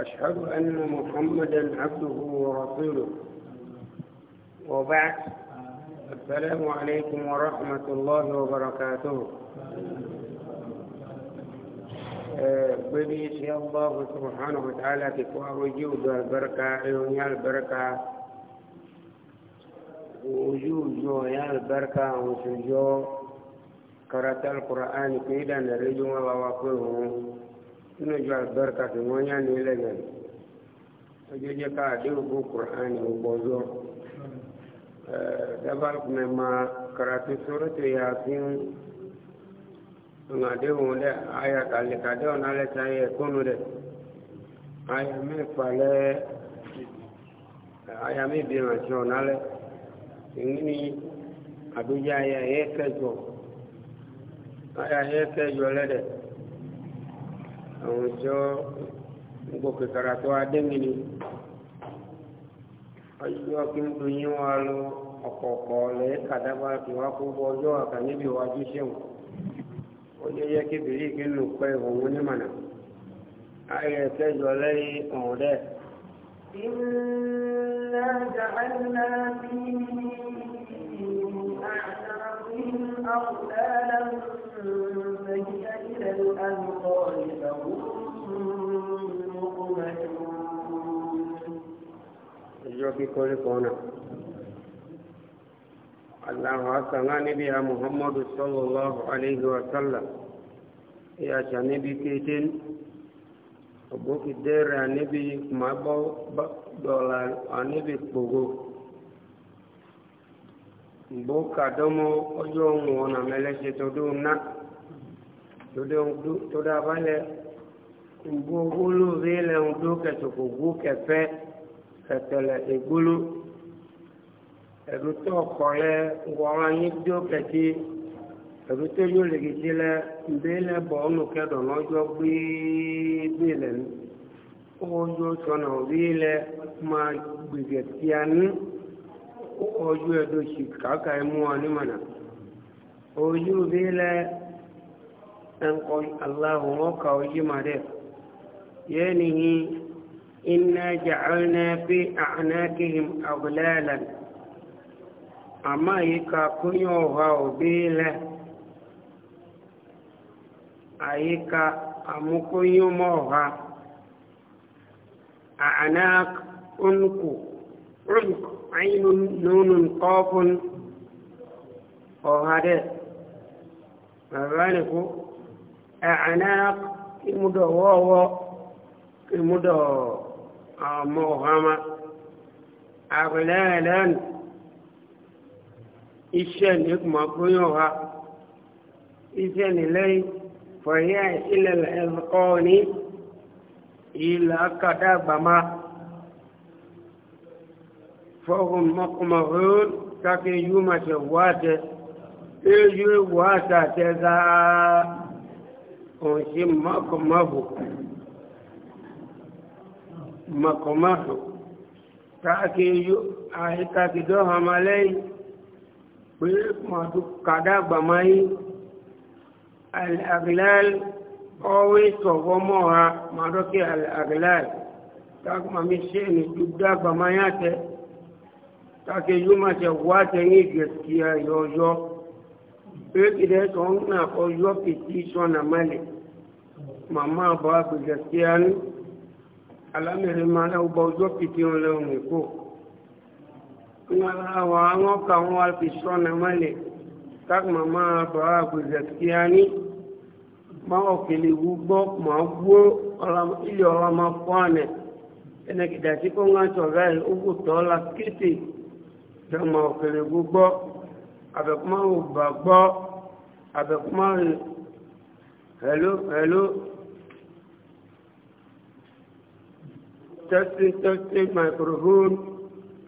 أشهد أن محمدا عبده ورسوله وبعد السلام عليكم ورحمة الله وبركاته بدي إن شاء الله سبحانه وتعالى تقوى وجود البركة يا البركة وجود يا البركة وسجود قرأت القرآن كيدا نريد الله وقوله sínú ìjọ àgbẹ̀rẹ̀kà tí wọ́n yá ní ẹlẹ́gàn ọjọ́ jẹ́ ká àdéhùn fún kùránì ọgbọ́jọ́ dábàá kùnà máa karatu sórètò yà fi ń àdéhùn lẹ́ àyà kàlẹ́kàdéhùn alẹ́ sáyẹ kónú rẹ̀ àyà mẹ́fà lẹ́ àyà mẹ́bìrìn àti ọ̀nà lẹ́ ìní àbújá àyà yẹ́ kẹjọ àyà yẹ́ kẹjọ lẹ́dẹ̀ẹ́. àwùjọ gbogbo kẹkẹrẹ tó adémìnì ọjọ́ kí n dun yín wá lọ ọ̀kọ̀ọ̀kọ̀ lẹ́yìn kàdábà kí wá kó bọ ọjọ́ àkànníbi iwájú sẹ́wọ̀n ó lé yẹ kí bèrè kí n lò pẹ́ òun onímọ̀nà lẹ́yìn ọ̀hún dẹ́. فهي إلى الأنقال فهم مقمحون جو کی کوئی کون اللہ سنگا نبی محمد صلی اللہ علیہ وسلم یا جانبی کی دن abo ki dere anibi ma bo dola anibi kpogo mbo kadomo ojo ŋun ona mele se to do na todo abalẹ gbogbo bi le ŋdo kẹtọkọ gbó kẹfẹ kẹtẹlẹ egbolo ẹdutọ kọ lẹ ŋgɔwɔ anyi do kẹtẹ ẹdutọ yóò le kẹtẹ lẹ nbẹ lẹ bọ ọnu kẹdọ n'ọjọ gbégbé lẹ nu ọjọ sọnà bi lẹ ma gbèsè tianu ọjọ ẹdọ si kàkà ẹmu wa ni mana ọjọ bi lẹ ɗanƙon allahu maka waje madar yanihi inna ja'alna fi a'naqihim aghlalan amma yika kunyo ha obele ayika amukunyo moha a'naq unku unku ainun nunun qafun ohade magane ko أعناق إمدو ووو إمدو موهما أغلالا إشان إكما كيوها إشان إلي فهي إلى الإذقان إلى كتابما فهم مقمهون كاكي يوم شواتي إيجي واتا تزاق òṣì mọ́kànmáàbò mọ́kànmáàbò káàkiri àìkàkìdọ́ àmàlẹ́yìn pé mọ̀tò kàdàgbà máa yí àgìláàl ọwé sọ̀fọ́ mọ́ ha màdọ́kì àgìláàl káàkùmà mi ṣe ní dúdàgbà máa yá tẹ káàkiri yóò máa ṣe wá tẹ̀yìn ìgbẹ̀kì ayọ̀yọ́ pé kìdẹ́ sọ̀rọ̀ náà ọjọ́ kìtì sọ̀nà mẹ́lẹ̀ mama ba ku gaskiya ne alamirin ma na uba ojo fitin lehun iko wa an oka wọn wa fi sọna male tak mama ba ku gaskiya ne ma okele gbogbo ma gbo ilé ọrọ ma fọ́ọ̀nẹ̀ ẹnẹ kìdàtí kó ń àtọ̀ rẹ̀ ogun tọ́ la kéte jọ ma okele gbogbo abẹ̀kúmọ̀ ògbà gbọ́ abẹ̀kúmọ̀ hello hello Testing, testing. microphone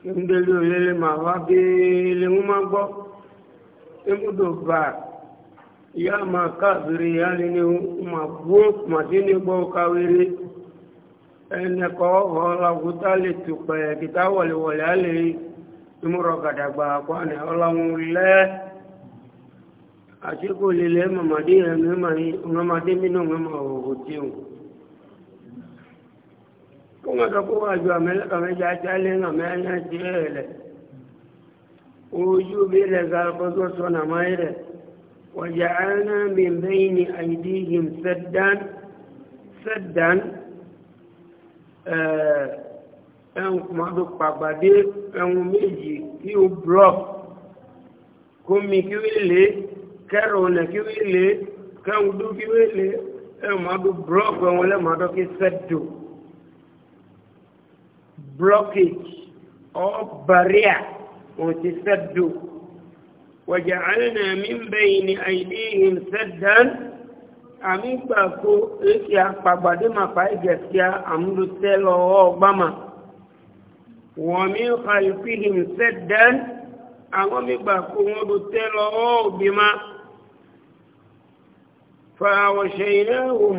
kí n délé òye lè máa wá bí lè ń má gbọ́ kí n dò bá ìyá máa káàbìrì ìyá lè ní máa bú màdí ní gbọ́ káwéré ẹnì kọ́ ọ̀làwùtá lè tù pẹ̀ kìtà wọ̀lẹ̀wọ̀lẹ̀ á lè ìmúrọ̀ gàdàgbà kọ́ àná ọ̀làwùn lẹ́ àti kò lè lẹ́ mọ̀mọ́dé ẹ̀mí màmí ọmọdé mínú mọ́mọ́ òhòtí òun kuma ka ko waju amela ka meja chale na mena chele uju bile gal ko do so na maire wa ja'alna min bayni aydihim saddan saddan eh en ma do pabade en meji ki o block komi ki wele kero na ki wele kan du ki wele en ma do block won le ma do ki seddu blockage or barrier وتسد وجعلنا من بين أيديهم سدا àmì gbà kó èsì àpàgbàdé màpá ìgẹ̀síà àmúlùtẹ́ lọ́wọ́ ọgbàmà wọ́n mi ń fa ìfihìm sẹ́dẹ́n àwọn mi wọ́n lù tẹ́ lọ́wọ́ fàwọ̀ṣẹ̀ ìrẹ́hùn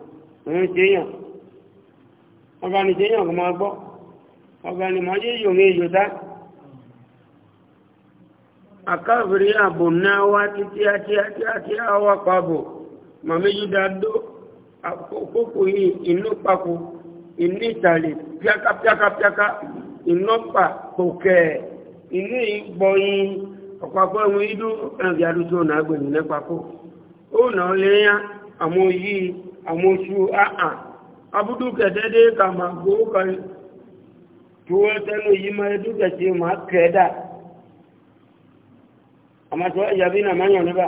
òun jẹyàn ọba ni jẹyàn kò máa gbọ́ ọba ni màá jẹ yòóhìn ní dá àkàfìrí àbò náà wá títí àti àti àti àwa pàbò màmíjú dá dó àkókò yìí inú papò inú ìtàlẹ̀ píákápíákápíáká iná pa inú ẹ̀wọ̀n idú ẹ̀rìn amosu aa abudu a de kama gbowó kan tuwo ma edu kẹtẹ ma kẹ da amasọ ẹjabi na ma yàn níbà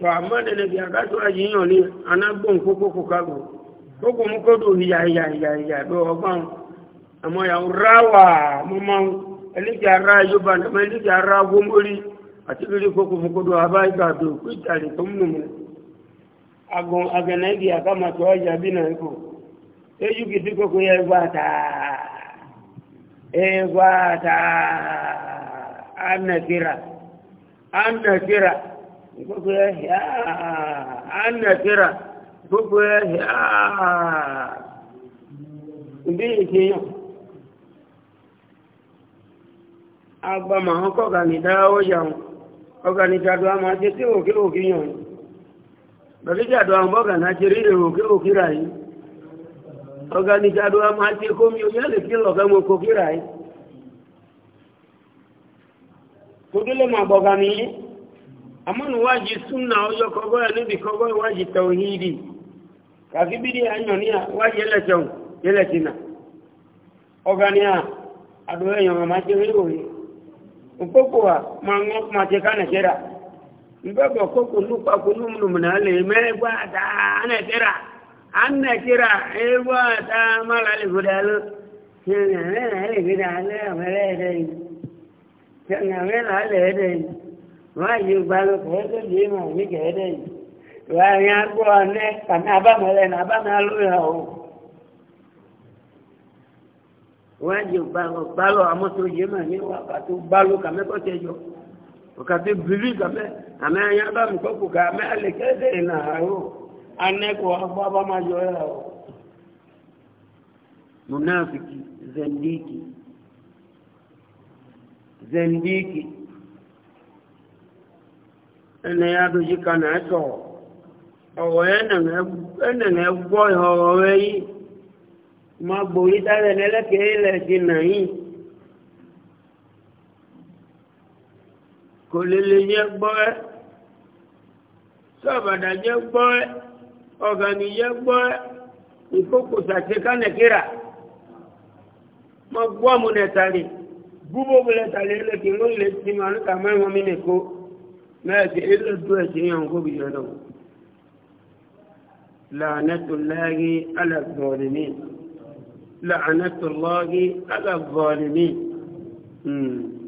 tọ àmọ nínú bí akásọ yìí yàn ní anagbọn kókó kókagbó kókó mú kódò yíya agon aganagi akama toja bina iko eju kitiko kuyevata evata anakira anakira ikoko ya anakira ikoko ya bi ikiyo agba ma hàn kọ́ka ní dáwọ́ yàwó ọ̀ka ní tàdó àmà ṣe tí òkè òkè yàn Bagi jadu ambo kana chiri ihu ke ukirai. Ogani jadu amati kumyu yale kilo kama ukirai. Kudile mabogani. Amanu waji sunna ojo kogoya nibi kogoya waji tauhidi. Kakibidi anyonia waji ele chong. Ele china. Ogani ya. Aduwe yama machi hiru hi. Upokuwa mangoku machekana chera. Upokuwa mbaba koko nnukwu kunumnu mnale na ta anatira anatira a ta malale gudalu changa malale gudalu amale dai changa malale dai wa yu balu kete dima ni kete wa ya na ba malu ya o wa yu balu balu amoto jema ni wa patu wakati bili kame ameanyaba mkoko kame alekeze na hayo aneko baba majo yao munafiki zendiki zendiki ene yadu jikana eto owo ene nge ene nge ọrụ ho yi ma gbo yi kò lè lè yẹ gbọ́ ẹ́ sọ́ọ̀bàdà yẹ gbọ́ ẹ́ ọ̀gànì yẹ gbọ́ ẹ́ ìkókò sàṣekà nàìjíríà mọ gbọ́ mu nẹ̀tàlì gbúgbó mu nẹ̀tàlì ẹlẹ́kì ló lè ti mọ àlùkà mẹ́rin mi nìkó mẹ́ẹ̀kì ẹlẹ́dù ẹ̀sìn yẹn kó bìyàn lọ. لعنة الله على الظالمين لعنة الله على الظالمين 嗯。Mm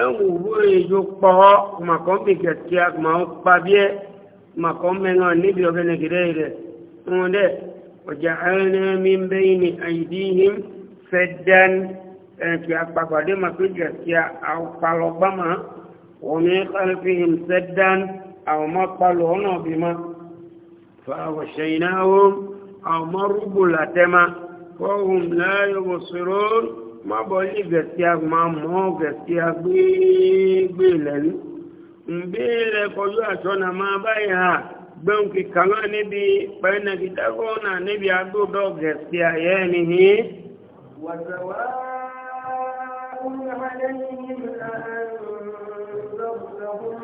enwubueju kpọọ maka obigatia ma kpabie maka omenọ nibi ogenegidere nwụde وجعلنا من بين أيديهم سدا kí apapàdé máa fi jẹ kí apalọgbámà òní kálífìhìm sẹ́dán àwọn máa palọ̀ ọ̀nà bí ma fàáwọ̀ ṣẹ̀yìn náà ó àwọn máa rúgbò látẹ́mà fọ́hùn ma boli gaskiya ma mo gaskiya gbegbe lẹnu nbẹrẹ kọjú àtọnà máa báyìí ha gbẹun kìkan náà níbi pẹ́ẹ́nà kìtàkọ́ náà níbi agbódọ̀ gaskiya yẹ́ ni hí. wàtàwá ọ̀hún ọ̀hún ẹ̀yìn ìlànà ọ̀hún ọ̀hún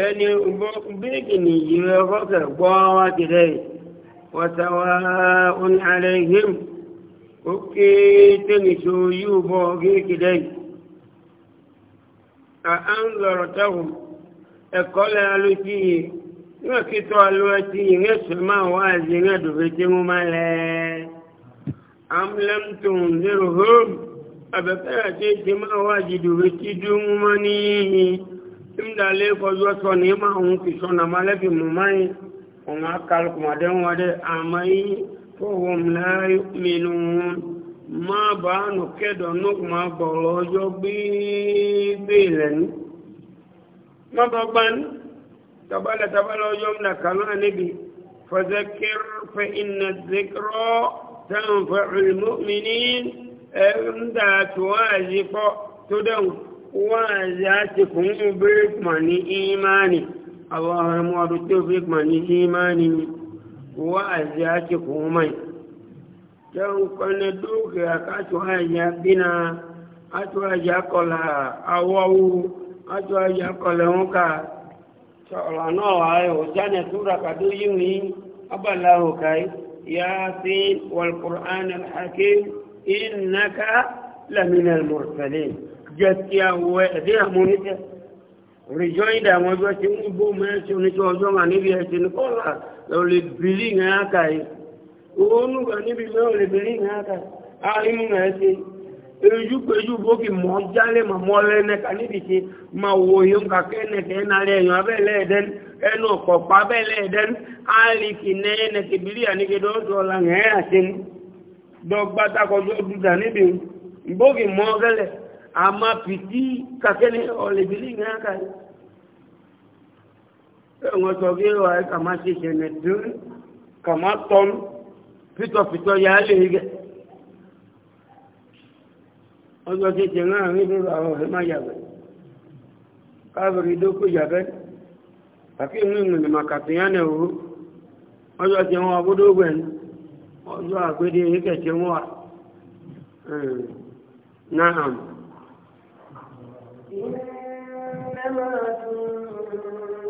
ẹni bíkìnì yìí ọgọ́fẹ̀ gbọ́ wá kìdẹ́ wọ́tawá òun alẹ́ yìí ó ké tẹ́nìṣó yóò bọ́ kìdẹ́ à ń lọ̀rọ̀ táwọn ẹ̀kọ́ lẹ́ alójú yìí níwọ̀n kí tó alójú yìí ń ẹ̀sùn máa wá àzì ń ẹ̀dùnfẹ́ tí mo máa lẹ́ imda le ko yo so ni ma un ki so na male bi mu mai on akal ko ma den wade amai ko hum la yu'minun ma ba nu kedo nu ma bo lojo bi bilen ma ba ban tabala tabala lojo na kala ni bi fadhakkir fa inna dhikra tanfa'u al mu'minin ẹ̀ ń dà tó wáyé kọ́ tó dẹ̀wọ̀n wáàzí àti kùn ún bèrè kùmà ní ìmáni àwọn ọmọ ọdún tó fi kùmà ní ìmáni wáàzí àti kùn ún mọ̀ jẹun kọ́ni dúkìá kátó àyà bínà átó àyà kọlà awọ́wú átó àyà kọlà ń kà sọ̀rọ̀ náà wáyé òjánà tó ràkàdó yìí ní abàlá òkàí ياسين والقرآن الحكيم إنك لمن المرسلين gaskiya zai hamu nita rejoin da wọn jọ ti ń bó mẹ́sùn ní tí ọjọ́ wà níbi ẹ̀sìn ní kọ́lá lọ́lẹ̀ bìlì ní àkà yìí oónú wà níbi lọ́lẹ̀ bìlì ní àkà àìmú náà ṣe èyí péjú bókì mọ́ jálè mà mọ́ lẹ́nẹ́ka níbi ṣe mà wò yóò kà kẹ́nẹ̀kẹ́ ẹ̀nà rẹ̀ èèyàn abẹ́lẹ̀ ẹ̀dẹ́n ẹnu ọ̀pọ̀pọ̀ abẹ́lẹ̀ ẹ̀dẹ́n àlìkì nẹ́ẹ̀nẹ̀kẹ́ bìlì àníkẹ́dọ́ dọ́ọ̀la ń ama piti kakene olebili ngaka e, ngotoge wa e, kama shishene dun kama tom pito pito ya lege ojo ti jenga ni do awo hema ya be kabri do ku ya be taki ni ni makatiyane o ojo ti won abudo gwen ojo agbede ke ti won naam إنما تنذر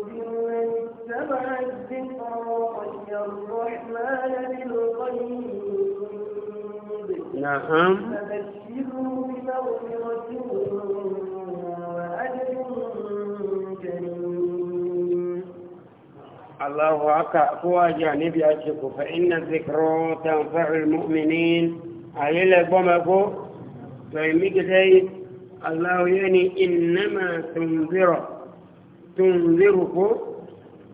من اتبع الذكر وخشي الرحمن نعم الله أكبر فواجع نبي أجلك فإن الذكر تنفع المؤمنين أهل الأبوة مكو فإن مكتئب الله يعني إنما تنذر تنذرك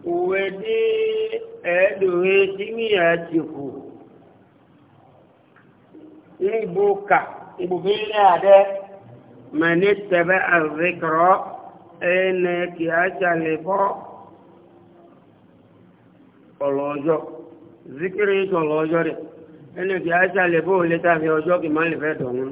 ودي أدويتني أتكو إبوكا إبوكا ده من اتبع الذكرى إنك أتلفو ọlọ́ọjọ́ zikiri tọ̀lọ́ọjọ́ rẹ̀ ẹnìkì aṣàlẹ̀ bóòlẹ́ta fi ọjọ́ kì máa lè fẹ́ dọ̀wọ́n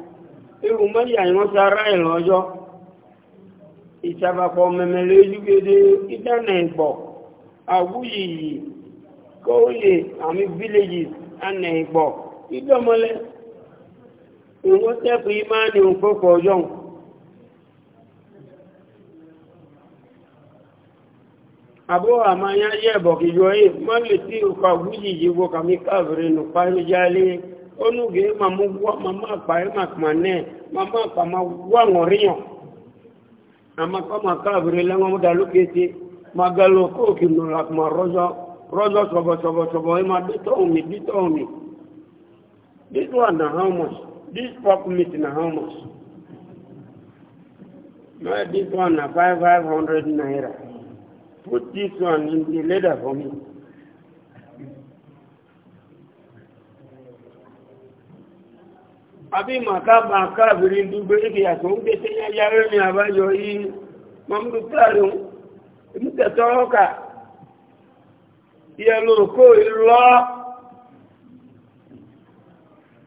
irun mẹ́yà ìwọ́n ti ara ìrìn ọjọ́ ìṣàbàpọ̀ mẹ̀mẹ̀lẹ̀ ojúgbede ìdáná ìgbọ̀ àwúyìyì kóòyè àmì villages àná ìgbọ̀ ìdọ́mọlẹ̀ ìwọ́n tẹ́kù ìmáàni òǹkókò ọjọ́ àbúrò àmáyá yẹ̀bọ̀ kìjọ yìí mọ́lẹ̀ tí ìkọ̀ àwúyìyì wo kàmí káàbìrì nù pàmìjálé onuge mamu wa mama pa e makmane mama pa ma wa ngoriyo ama ko makabre la ngomu dalu kete magalo ko kinu la ma rozo rozo sobo sobo sobo e ma bito mi bito mi this one na how much this pork meat na how much no this one na five hundred naira put this one in the leather for me àbí màkàbà káàbìrì dúgbé ibi àtò ń gbé tẹ́yà yára ní àbáyọ yìí mọ́múdù táàrí ń ìmúkẹ̀tọ́ ọkà yẹlò kó lọ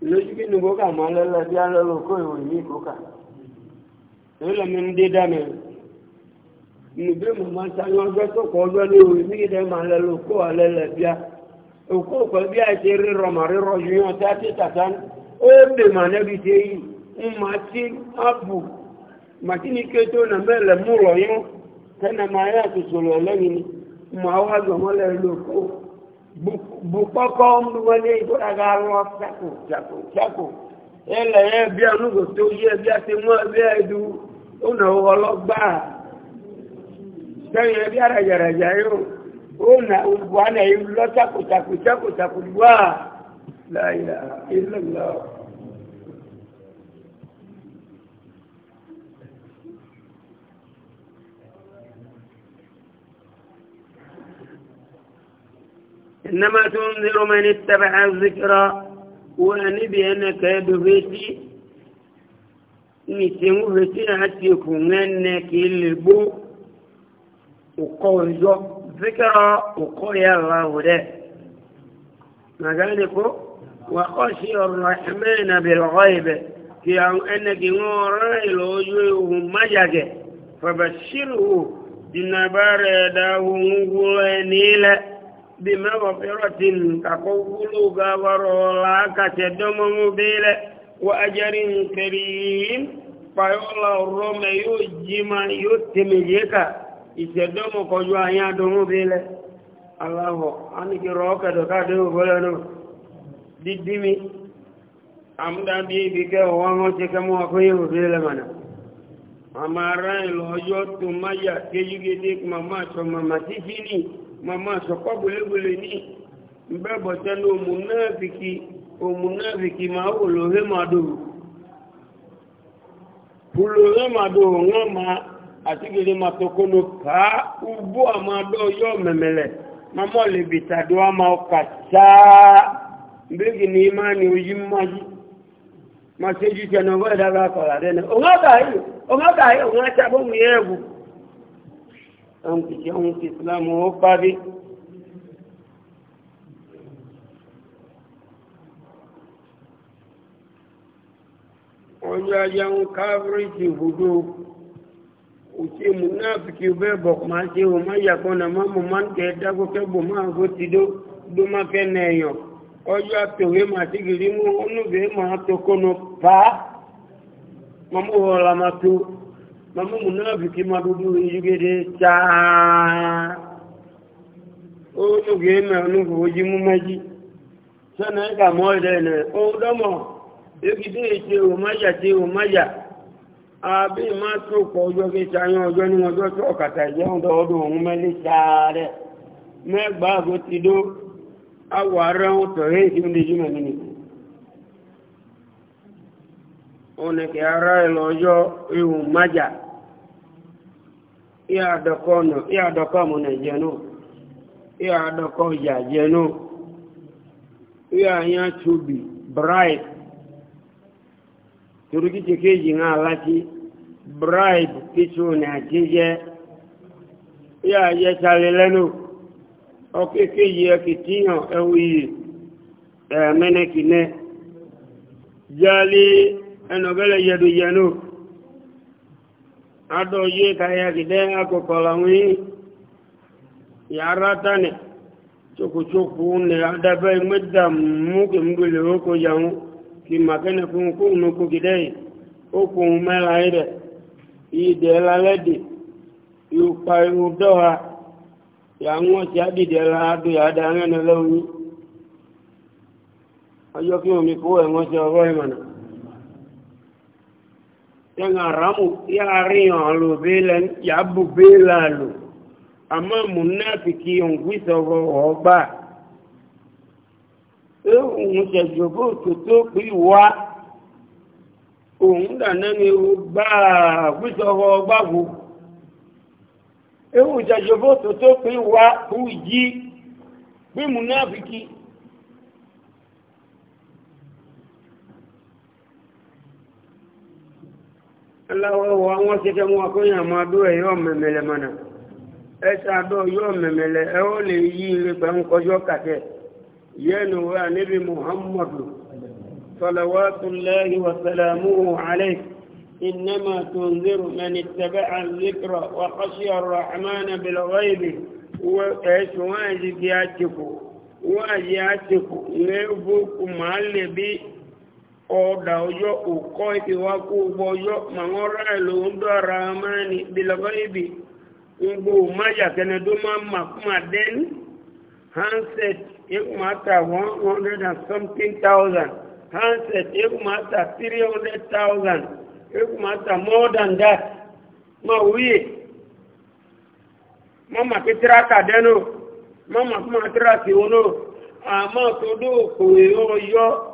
lójú kí ni kókà máa lẹ́lẹ́ bí a lọ́lọ́ kó ìwò ní kókà lọ́lọ́ mi ń dé dámẹ́ nùbí mo máa sáyọ́ ọjọ́ tó kọ́ ọjọ́ ní òwe ní ìdẹ́ máa lẹ́lọ́ kó alẹ́lẹ́ bí a òkú òkú bí a ti rí rọmọ rírọ yìí wọn tá a ó ma mà yi ṣe yìí ma tí ápù màtíní kéjó nà mẹ́lẹ̀ mú rọ̀yún tẹ́nà máa yà tòṣòrò lẹ́yìn ni mà á wá gbọ̀mọ́lẹ̀ lóko bùkọ́kọ́ ń wọlé ìgbóraga lọ ṣàkó ṣàkó ṣàkó ẹlẹ̀ yẹ bí anúgò tó yẹ bí a ti mú ẹbí ẹdú ó lọ lọ. إنما تنذر من اتبع الذكرى ونبي أنك يدفتي نتمو فتنة تكون أنك اللبو وقوزو ذكرى وقوي الله ده ما قالك وخشي الرحمن بالغيب في أنك نور الوجوه مجاك فبشره دنبار داوه نقول نيله bima mafiratin kakogulu gabarola kacedomo mobile wa ajarin kerim payola rome yo jima yo temeyeka isedomo kojwa ya domo bile allahu ani ki roka do ka do bolano didimi amda bi bi ke wango che kamo akoyo bile mana amara lo yo tumaya ke yige dik mama to mama tifini màmá sọ̀kọ́ gbélégbélé ní bẹ́ẹ̀bọ̀tẹ́ omu na òmùnáfìkì máa wò lóhé máa dòrò pùlòhé máa dòrò wọ́n ma àti gèdè máa tọkọ́nù pàá ugbó àmàdọ́ yọ mẹ̀mẹ̀lẹ̀ mamọ́ lè bìtàdó a máa kà sáà bíkì ní máa ní ojú ma máa ṣe jù tẹnu ọgbọ́ ìdára kọ̀ọ̀lá dẹ́nu ọ̀gá yìí ọ̀gá yìí òun ọ̀ṣàbọ̀mù yẹ́ àwọn kìí àwọn ti islam ó parí ọjọ́ ajá ń káfíríkì ìbùdó òṣè múnáfíkì bẹ́ẹ̀ bọ̀ máa ṣe o máa yàgbọ́ na máa mọ̀ máa ń tẹ̀ dákọ́kẹ́ bò máa bó ti dó dó máa fẹ́ na ẹ̀yàn ọjọ́ àtòwé máa ti gìrì mú ọ̀nùbẹ̀ẹ́ máa tó kọ́nà pa mọ́mú wọ́n la máa tó. mamu munafiki madudu yugede taa o tuge ji onufu oji mumaji sana ika mo ile ne o domo yugide ite o maja te o maja abi ma to ko ojo ke sayan ojo ni ojo to kata je on do odo ohun mele taare me gba go ti do ìyàdọ̀kọ́ ọmọnà ìjẹnú ìyàdọ̀kọ́ ìyà jẹnú ìyàyàn tóbi bribe torí kí kéjì náà láti bribe kíso ní àjíjẹ ìyàyẹ sálẹ lẹ́nu ọkékèjì ẹkìtíyàn ẹwùyì ẹ̀mẹ́nẹ́kìnẹ́ jálé ẹnọ̀bẹ́lẹ̀ yẹdùyẹnú ado ye kaya gide ako kolangi yara tane choku choku ne ada bay medda muke mbule oko yangu ki makene ku ku no ku gide oku mela ide i de la ledi yu pa yu doha yangu ti adi de la adu ya da ngene lawni ayo ki mi ku e ngo se ogo yanga ramu yari lo bela yabu bela lo ama munafiki yongwisa go oba e un se jobo toto pi wa òun dàná ni o gbáà gbísọ ọwọ́ gbáàgbó ewu ìjàjọbó tó tó pín wá fún ìjí gbímú náà fi kí aláwọ̀ wa wọ́n ṣe fẹ́ mú wa kóyìn àmọ́ adó ẹ̀ yóò mẹ̀mẹ̀lẹ̀ mọ̀nà ẹ̀ṣẹ̀ adó yóò mẹ̀mẹ̀lẹ̀ ẹ̀ ó lè yí ilé pẹ̀lú kọjọ́ kàtẹ́ yẹnu wa níbi muhammadu salawatullahi wa salamuhu alayhi إنما تنذر من اتبع الذكر وخشي الرحمن بالغيب وإيش واجي ياتكو واجي ياتكو ليبوك oda oyo uko ipi wako ubo oyo mangora elu undu aramani bila gaibi ugu umaja kene duma makuma deni handset iku mata 100 and something thousand handset iku mata 300,000 iku mata more than that ma uye mama kitira kadeno mama kuma kitira kiwono ama todo kuyo yo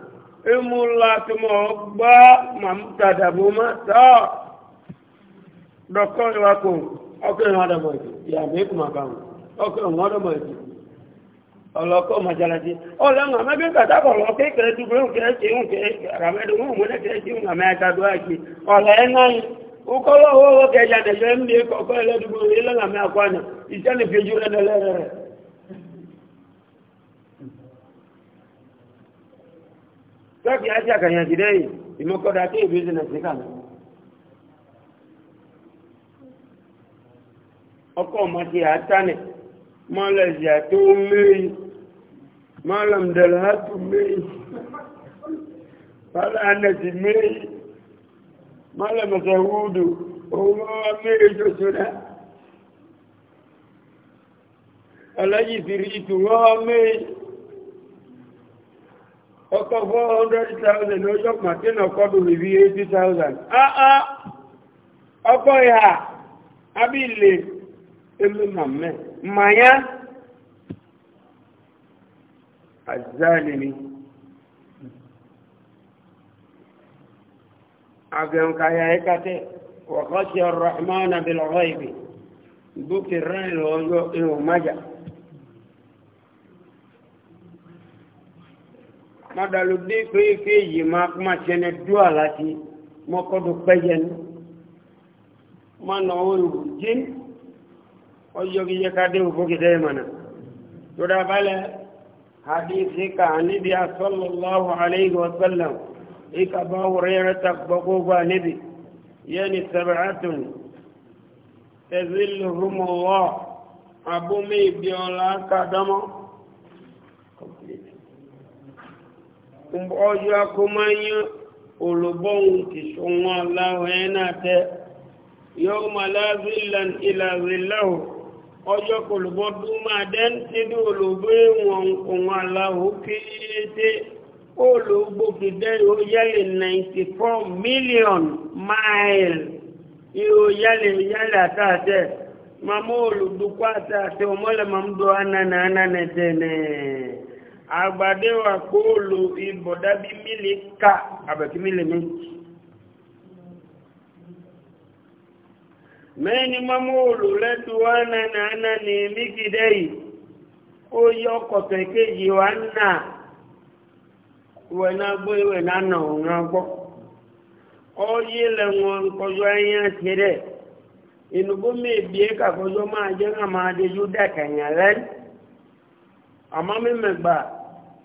ìmúlá tí mo gbá màmútàdàbò má tọ́ dọ̀kọ́ ìwà kò ọkọ̀ ìwọ̀n ọdọ̀mọ̀ ìdí ìyàmì ìkùnmà báwọn ọkọ̀ ìwọ̀n ọdọ̀mọ̀ ìdí ọlọ́kọ̀ màjàlájí ọlọ́run àmẹ́bí kàtàkọ̀ sọ́ọ̀kì àti àkànyàn ti dẹ́yìn ìmọ̀kọ́dà tí èbí ṣe nàìjíríà náà ọkọ̀ ọmọdé àtànẹ̀ mọ́lẹ̀sì tó mẹ́rin mọ́lẹ̀mdẹ̀lá tó mẹ́rin fàlànẹ̀sì mẹ́rin mọ́lẹ̀mọ̀sẹ̀ wúdù owó mẹ́rin tó sọ́dá ọlọ́yìn ti rí ìtùwọ́ mẹ́rin ọkọ̀ 400,000 lójọ́ màtínà kọ́dù rìbí 80,000 àà ọkọ̀ ìhà abílẹ̀ ẹlú màmẹ́ màyá àzálìmí agẹ̀mkàyà ẹkàtẹ́ wọ̀kọ́ sí ọ̀rọ̀ àmọ́ ọ̀nà bìlọ̀ ọ̀rọ̀ ìbì dúkìrá ìlú ọjọ́ ìhùn májà mọ́dàlódé pé kí èyí máa kúmà ṣẹni dúà láti mọ́kọ́dù pẹ́yẹnu mọ́nà oòrùn jín ọjọ́ kí yẹ ká dé òfókìtẹ́ ìmọ̀nà tó dábálẹ̀ hadithi ka níbi asọ́lọ́láhù aláìhì wasallam ìka bá wùrẹ́rẹ́ tàgbọ́kọ́ bá níbi yẹni sàbàtùn tẹ̀sílùhùmọ̀wọ́ abúmí ìbí ọlá kàdámọ́ ọjọ́ akọmọnyán olùbọ́hùn ti ṣùnwọ́n láwọn ẹ̀nà tẹ́ yóò máa láàrílàn ìlàríláwò ọjọ́ kòlùbọ́ dúnmà dẹ́n tí ní olùgbé wọn òun aláwò kéèdé olùgbòkè dẹ́n ó yẹ́lẹ̀ 94 million mile yóò yẹ́lẹ̀ yẹ́lẹ̀ àtàtẹ́ mamó olùdókọ́ àtàtẹ́ ọmọlẹ̀ mamdó anana anana tẹ́nẹ̀ẹ́ agbadewa kóòlù ibọ̀dábí mílì ká àbẹ̀kí mílì mi mẹ́ni mọ́mọ́òlù lẹ́dùwá nànà ní mígidẹ́ yìí ó yọ ọkọ̀tọ̀ ìkéjì wa nà wẹ̀nà gbé wẹ̀nà nà ọ̀nà gbọ́ ó yí lẹ́wọ̀n nkọjọ́ ẹ̀yìn àti rẹ̀ ìnùgbó mi bìí kàkọjọ́ máa jẹ́ kà máa rẹ̀ àmọ́ mímẹ́gbàá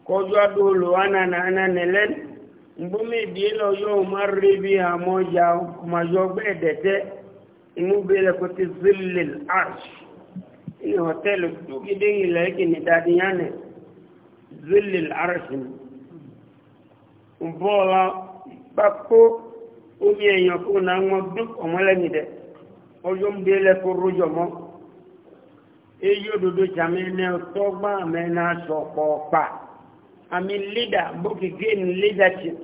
kọjọ́ adóòlò ananananẹlẹ́ ngbọ́mẹ̀dì lọ yóò má rí bí àmọ́jà màjọ gbẹ́ẹ̀dẹ̀tẹ́ inú bẹ̀rẹ̀ kò ti zilil arch inú hòtẹ́ẹ̀lì dúkìdé ilẹ̀ ìkìní zilil arch ni bọ́ọ̀lá pápó omi èèyàn kò náà wọn dúk ọmọlẹ́yìn dẹ ọjọ́ ń bẹ̀rẹ̀ kò rújọ àmì leader bókì gain leadership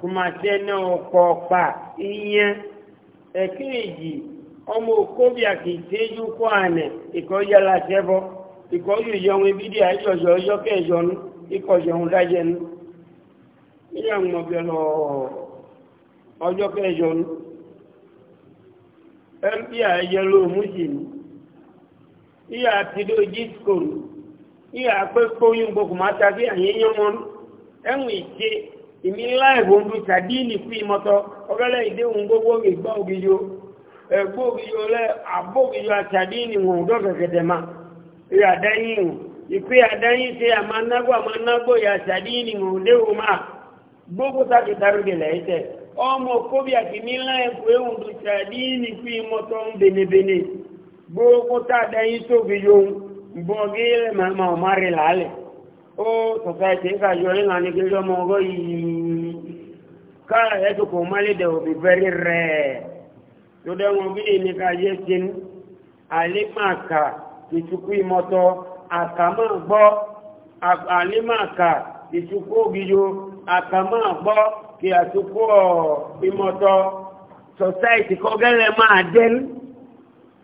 kuma sẹ́ni ọkọ̀ ọ̀pá ìyẹn ẹ̀kẹ́ẹ̀jì ọmọ òkóbíà kì í tẹ́jú kọ́ àná ìkọ́jà làṣẹ́bọ́ ìkọ́jú ìjọun ibi díẹ̀ àjọyọ̀ ọjọ́ kẹjọnu ìkọ̀jọun dájẹnu ilé àwọn ọmọbìnrin lọ ọjọ́ kẹjọnu mp àyẹlò mùsùlùmí ìyá àtidó jíṣkòrò. ihe akpekpe onye mgbe okwumata gị anyị enye mụrụ enwe ike imi laịbụ mbụ sadini kwu imọtọ ọgala idewu gbogbo oge gba ogiyo egbe ogiyo le abụ ogiyo asadini nwe ụdọ ma ya adanye iwu ikwe ya adanye ise ya ma nnago ama ya sadini nwe ụdewu ma gbogbo gị gbogbo bọ́gílẹ̀ mẹ́mà ọmọrí lálẹ̀ ó tọ̀fẹ́ tí ń ka yọ ní ìlànà ìgbésí ọmọ ọgọ́ yìí káà ẹ̀tọ́ kò mọ́lẹ̀ dẹ̀ òbí bẹ́rí rẹ̀ tó dẹ́wọ̀n bí èmi ka yé ti ń àlémàkà ìtukú ìmọ̀tọ́ àkàmọ́ gbọ́ àlémàkà ìtukú ògìjọ àkàmọ́ gbọ́ kí àtukú ìmọ̀tọ́ sọ̀sáìtì kọ́gẹ́lẹ̀ máa dẹ́nu.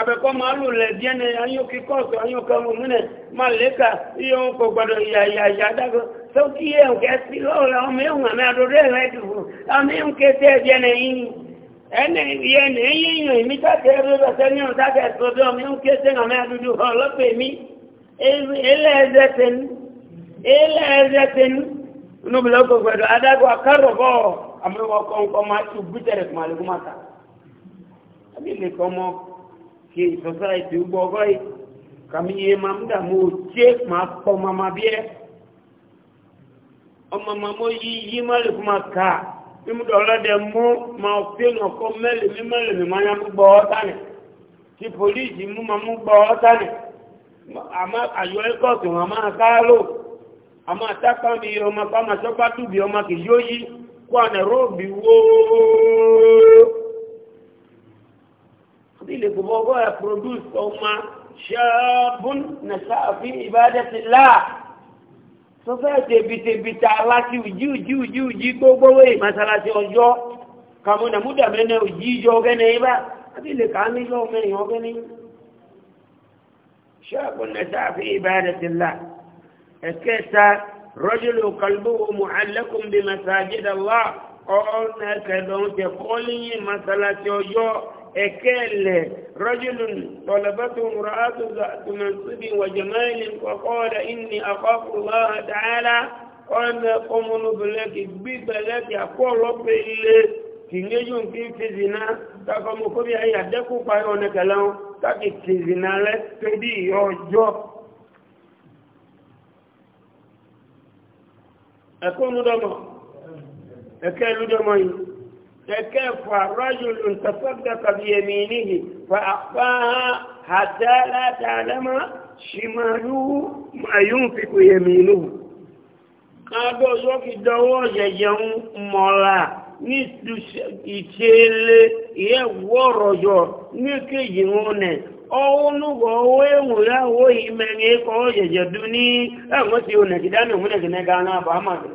abẹ́kọ́ máa lù lẹ̀ díẹ̀ ní ayọ́kí kọ́ọ̀tù ayọ́kọ́ múnẹ̀ máa lẹ́kà iye wọn kò gbọdọ̀ yàyà dágọ́ tó kí ẹ̀ ń kẹ́sí lọ́wọ́ ọmọ ẹ̀hùn àmì àdúró ẹ̀rọ ẹ̀dùnkù àmì ń ké sí ẹ̀jẹ̀ nìyí ẹ̀nà ìyẹn nìyí yàn mí tàkẹ́ ẹ̀rọ bẹ̀tẹ̀ ní ọ̀tá kẹ́sọ̀ bí ọmọ ń ké sí àmì àdúró ọlọ́pẹ̀ mi abi le ko ke society ubo bai kamiye da mu che ma po mama bie o mama mo yi yi mali kuma ka imu dola de mu ma o pe no ko mele mi mele mi ma ya mu gbo tani ti police mu ma mu gbo tani ama ayo e ko to mama ka lo ama ta pa mi o ma pa ma so pa tu bi o ma ki yoyi kwa na robi wo dile gbogbo ya produce ọmọ ṣaabun na sáàfi ìbádẹ́sílá tó fẹ́ tẹ̀bìtẹ̀bìtà aláti òjì òjì òjì òjì gbogbo wé ìmásálásí ọjọ́ kàmú nà múdà mẹ́nà òjì ìjọ ọgẹ́nà ibá adílé kàá níjọ mẹ́rin ọgẹ́ni ṣaabun na sáàfi ìbádẹ́sílá ẹ̀kẹta rọ́jùlù kalbúwò muhallakun bí masajid allah ọ̀ọ́nà kẹdọ̀ ń tẹ kọ́líyìn másálásí ọjọ́ أكل رجل طلبته امرأة ذات منصب وجمال وقال إني أخاف الله تعالى أنا قمن بلك ببلك أقول بالله تنجون في فزنا تقوم كبي أي أدكو فايونا كلاو تاكي فزنا لك تدي يوجو أكون دمو أكل دمو فكيف رجل تصدق بيمينه فأخفاها حتى لا تعلم شماله ما ينفق يمينه káàdọ̀ sọ́kì dọwọ́ yẹ̀yẹ̀ ń mọ̀lá ní ìṣẹ́lẹ̀ ìyẹ́ wọ́rọ̀jọ́ ní kéjì wọn nẹ̀ ọwọ́ lúgbọ̀ owó èwò yáwó ìmẹ̀rin ẹkọ̀ yẹ̀yẹ̀ dún ní ẹ̀wọ́n tí ó nẹ̀kìdánù múnẹ̀kìdánù àbámàdùn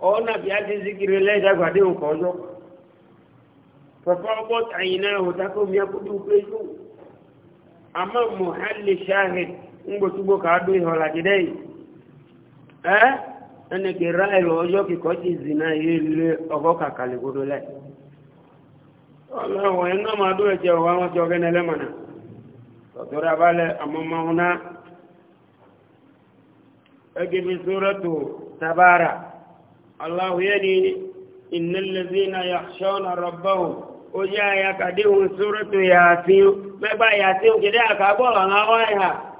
ọ̀nà bí a ti zikiri lẹ́dàgbàdé nǹkan ọjọ́ pọ̀pọ̀ ọgbọ́ àyìnà òtakó mi akúdú pé tó àmọ́ mohamed shahid ń gbòtúgbò káàdó ìhọ̀lá jẹ́dẹ́ yìí ẹ́ ẹni kì rá ẹ̀rọ ọjọ́ kíkọ́ ti zìnà ilé lẹ̀ máa dó ẹ̀jẹ̀ wọn ti tọ̀tọ̀rọ̀ abalẹ̀ ẹgbẹ́ mi tabara الله يدي ya الذين يخشون ربهم ya يكدهم سورة ياسين ما با ياسين كده أكابول أنا غايها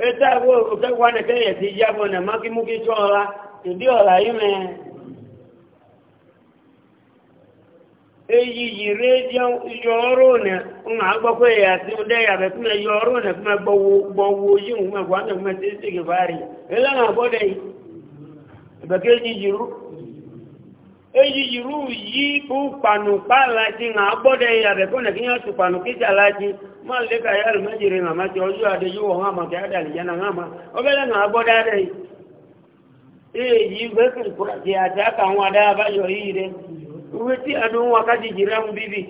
Eta wo otakwa na kẹ́yẹ̀ sí jábọ̀ nà má kí mú kí ya ọlá, ìdí ọ̀lá yìí mẹ́. ya yìí rédíò yọ ọrọ̀ nà ya àgbọ́ pé ẹ̀yà sí ọdẹ yàbẹ̀ fún yi yọ ọrọ̀ na fún ẹ bẹ̀kẹ́ èyí yìírú èyí yìírú yìí kú pànù pàlàjì nà gbọ́dẹ̀ àbẹ̀kọ́ nàkíyàn tù pànù kíjà lájì má lè ka yàrá méjìlè nà má ti ọjọ́ adé yìí wọ̀ hàn má kí adà nìyẹn nà hàn má ọbẹ̀lẹ̀ nà gbọ́dẹ̀ adé yìí èyí bẹ́kẹ̀ kúrọ̀tì àti àkàwọn adá abáyọ̀ yìí rẹ̀ wíwé tí àdó wọn kájí jìrá ń bíbí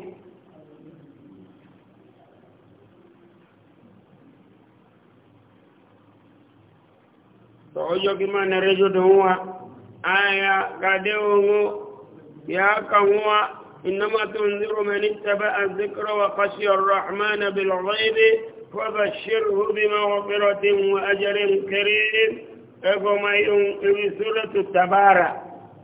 tọ́jọ́ kí máa nà rẹ́jọ́ dùn wọn aya gade wongo ya kanwa innama tunziru man ittaba adh-dhikra wa khashiya ar-rahmana bil ghaibi fabashshirhu bi maghfiratin wa ajrin karim ego mayun bi suratu tabara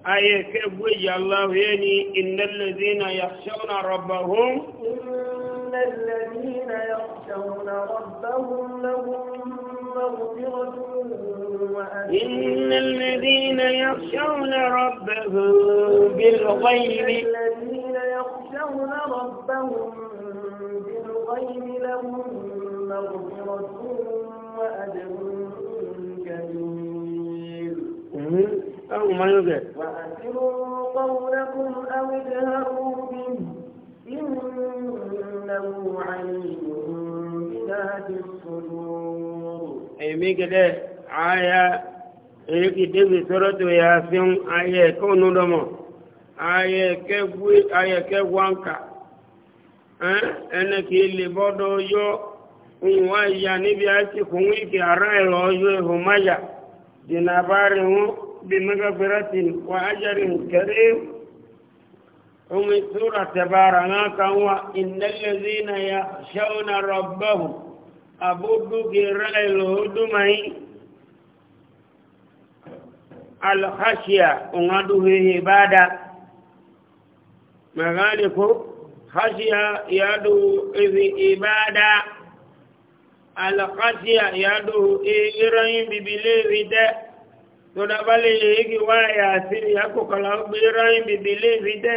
aya ke buya allah yani innal ladhina yakhshawna rabbahum innal ladhina yakhshawna rabbahum lahum إن الذين يخشون ربهم بالغيب لهم مغفرة وأجر كبير أو ما قولكم أو اجهروا به إنه عليم بذات الصدور èmi gẹ́gẹ́ àyà èyíkì débi sọ́rọ́ tó yà sí ń ayẹ kó nu dọ́mọ̀ ayẹ kẹ́gbé ayẹ kẹ́wàǹkà ẹnẹ kì í lè bọ́dọ̀ yọ òun wá ìyá níbi àti kùn wíìkì ara ẹ̀rọ ọjọ́ ìhùn máyà dìnnà bá rí wọn bí mẹ́gàfẹ́rẹ́tì wà ájàrí kẹrẹ́ omi sóra tẹ̀bára náà kan wá ìnẹ́lẹ́sìn náà yà ṣẹ́wọ́n náà rọ̀ bẹ́hùn abudugera elohodumayi alhashia ŋaduhehe bada magani ko khashia yadu ibi ibada alkhashia yadu igirayin bibilevi de todabali yegi waya asiri yako kala igirayin bibilevi de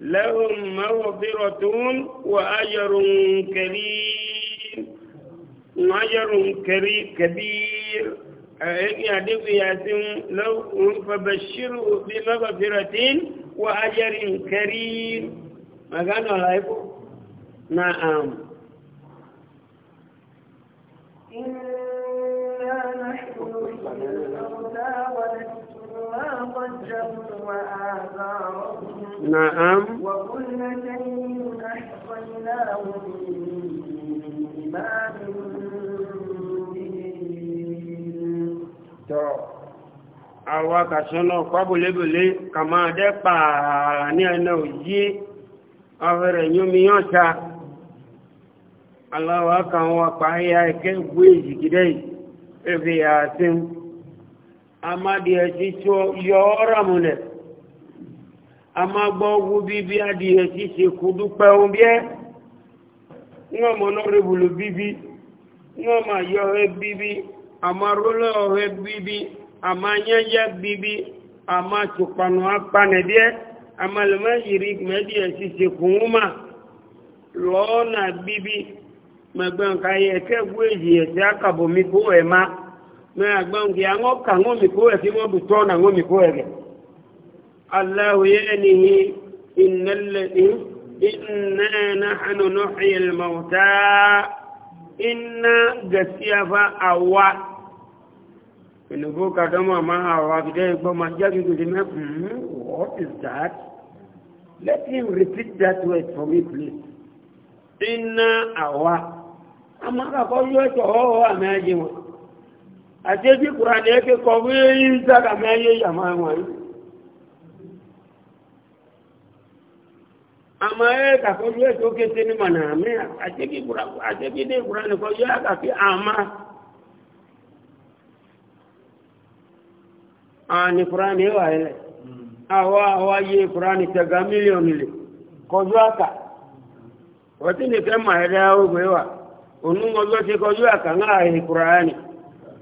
لهم مغفرة وأجر كريم وأجر كريم كبير يحدث ياسم لو فبشره بمغفرة وأجر كريم ما كان لايف نعم إنا نحن الموتى ونكتب na قدموا وآثارهم نعم وكل شيء أحصيناه بإمام àwa kàṣánà pàbòlébòlé na máa dẹ́ pààrà ní ẹ̀nà òyí ọ̀fẹ́rẹ̀ yómiyàn ta aláwọ̀ kan pàáyà ẹ̀kẹ́ àti amadịghị echiche ya ọra m ne amagba ọgwụ bibi adịghị echiche kwudu kpewu bie nwa m ọnọrịbụlụ bibi nwa m ayọ he bibi amarụla ọhe bibi amanyeje bibi amachụkpanụ ama amalụma yiri medi echiche kwuwuma lụọ na bibi megbe nka ya eke gwu eji esi akabụmikwu ema ما agbange aŋɔ ka ŋɔ mi ko ɛfi ŋɔ bi tɔ na ŋɔ mi ko ɛgɛ e alahu ye ɛnihi inalɛni inana hanu nuhiyil mawuta ina gasiya fa awa enubu ka dɔma ma awa hmm, what is that let him repeat that word for me please ina awa amaka أقول yɔ tɔ hɔ hɔ amɛ àjẹ́jì kùránì ẹ́kẹ́ kọ wí ìzága mẹ́yẹ yàmà wọn yìí àmà ẹ́ kàkọ́jú ẹ̀ tó kéte ní mọ̀nà àmì àjẹ́jì dé kùránì kọ yá kàfí àmà àni kùránì ẹ̀wà ẹ̀lẹ̀ àwọ̀ àwọ̀ ayé kùránì tẹ̀gà mílíọ̀nù lè kọjú àkà wọ́n tí nìkẹ́ mà ẹ̀dá ogun ẹ̀wà ònú ọjọ́ ti kọjú àkà ńlá ẹ̀ kùránì.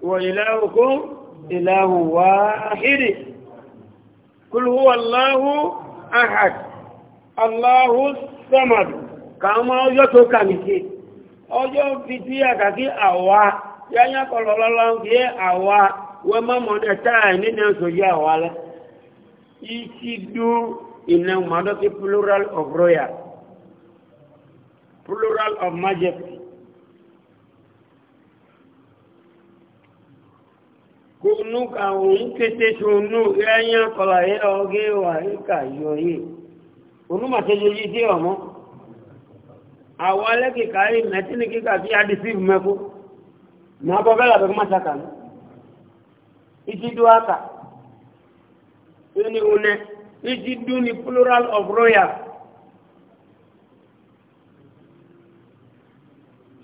وإلهكم إله واحد كل هو الله أحد الله الصمد كما يتوك نسي ọjọ́ fi tí àkàkí àwa yáyá kọlọlọ́lọ́ ń fi àwa wọ́n má mọ̀ ní ẹ̀tàà nínú ìsòjú àwa lẹ́ ìsì dú ìnà mọ́dọ́kí plural of royal plural of majesty ka òun kété ṣonú ẹyán kọlà yẹ ọgẹ wà níkà yọ yìí onímọ̀tẹ́jọ yìí dé ọmọ àwọn alẹ́kìkà yìí mẹ́tìní kíkà bí adìsíìfù mẹ́kú máa bọ́ bẹ́ẹ̀ làbẹ́kú máa ṣàkàní ìtìdú àkà ní une ìtìdú ní plural of royal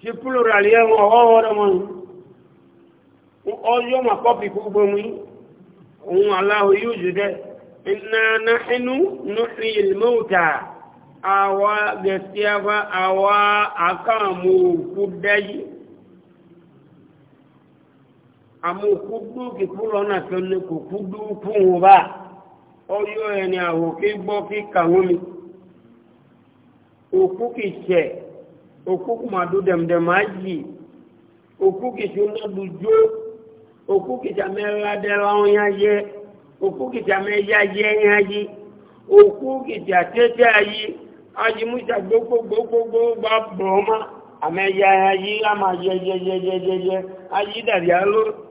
ṣe plural yẹ wọn ọwọ́ wọn ọmọ yìí ọjọ́ mà kọ́pì gbogbo mu òun aláwo yóò jù dẹ́ iná náhínú nùfì ìlmọ́ta àwa gẹ̀ẹ́síáfà àwa àkàmù òkú dáyé àmú òkú dúkì kúrọ̀ náà tó ní kò kú dúkù wọn bá ọyọ́ ẹni àwòké gbọ́ kíkà wọn mi òkú kì tẹ̀ òkú kùmàdó dẹ̀mdẹ̀má yìí òkú kì tó náà dùjọ́ oku kitamela dela onya ye oku kitameja ye nyaji oku kitatete ayi aji muta gbogbo gbogbo gbogbo aboma ameja ayi ama ye ye ye ye ye ye ayi dari alo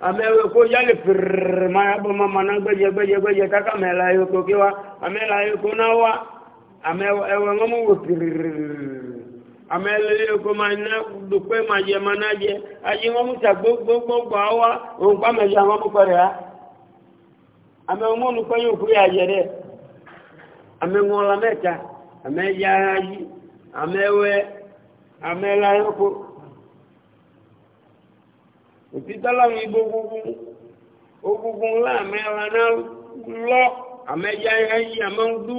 amewe ko yale pirr ma aboma mana gbeje gbeje gbeje kaka mela yo ko kiwa amela yo wa, nawa amewe ewe ngomu pirr amelele ko ma na du pe ma je ma na je aji mo mu ta gbogbo gbogbo awa o pa me ja mo ko re a ame mo nu ko yo ku ya je re ame mo la meta ame ya aji ame we ame la yo ko ti tala mi gbogbo ogugun la me la na lo ame ya aji ame du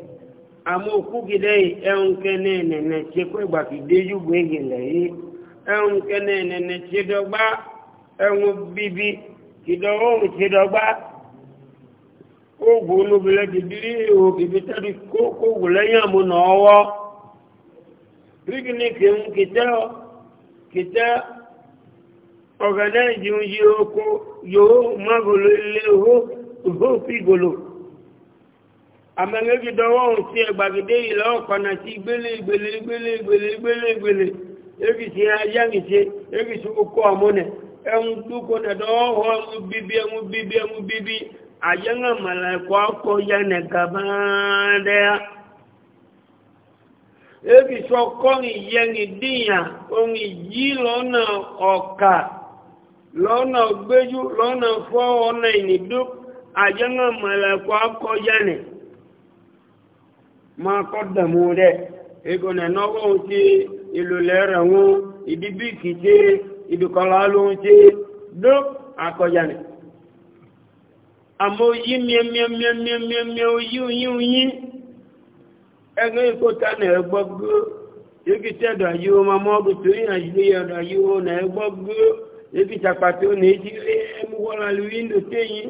àmọ́ òkú gidẹ́ ẹ̀hùnkẹ́nẹ́ ẹ̀nẹ̀nẹ̀ tí kó ìgbà fi déjú gbégi lẹ́yìn ẹ̀hùnkẹ́nẹ́ ẹ̀nẹ̀nẹ̀ tí dọ́gbá ẹ̀hùn bíbí ìdọ̀wọ́hùn tí dọ́gbá kóògùn olóbìnrin dìbírí ihò kìbí tẹ́lú kóògùn lẹ́yìn àmúnà ọwọ́ píkìníkì ń kìtẹ́ kìtẹ́ ọ̀gẹ̀dẹ̀ ìjìun yìí oko yòó mágolo ilé hó fígolo. amẹ́gẹ́gidọ́wọ́ òun sí si ìlọ́ ọ̀pànà sí gbélé gbélé gbélé gbélé gbélé gbélé egi sí ayáǹgìṣe kókó àmúnẹ̀ ẹ̀hún dúkọ ọ̀kà lọ́nà gbéjú lọ́nà fọ́ ọ̀nà ìnìdó máa kọ́ dàmú rẹ̀ egonà náwó ń ṣe ìlòlẹ̀ rẹ̀ wọn ìdíbí kìí ṣe ìdùkọ́lá ló ń ṣe dó àkọjá nì àmọ́ yí miẹ́miẹ́miẹ́miẹ́miẹ́ oyí oyí oyí ẹgbẹ́ ìkóta nà ẹgbọ́ gbó yókìtì ẹ̀dọ̀ ayé wọn máa mọ́ ọdún tó yàn jílé ẹ̀dọ̀ ayé wọn nà ẹgbọ́ gbó yókìtì àpàtó nà èjì lé ẹmúwọ́lá lu wíńdò téyìn.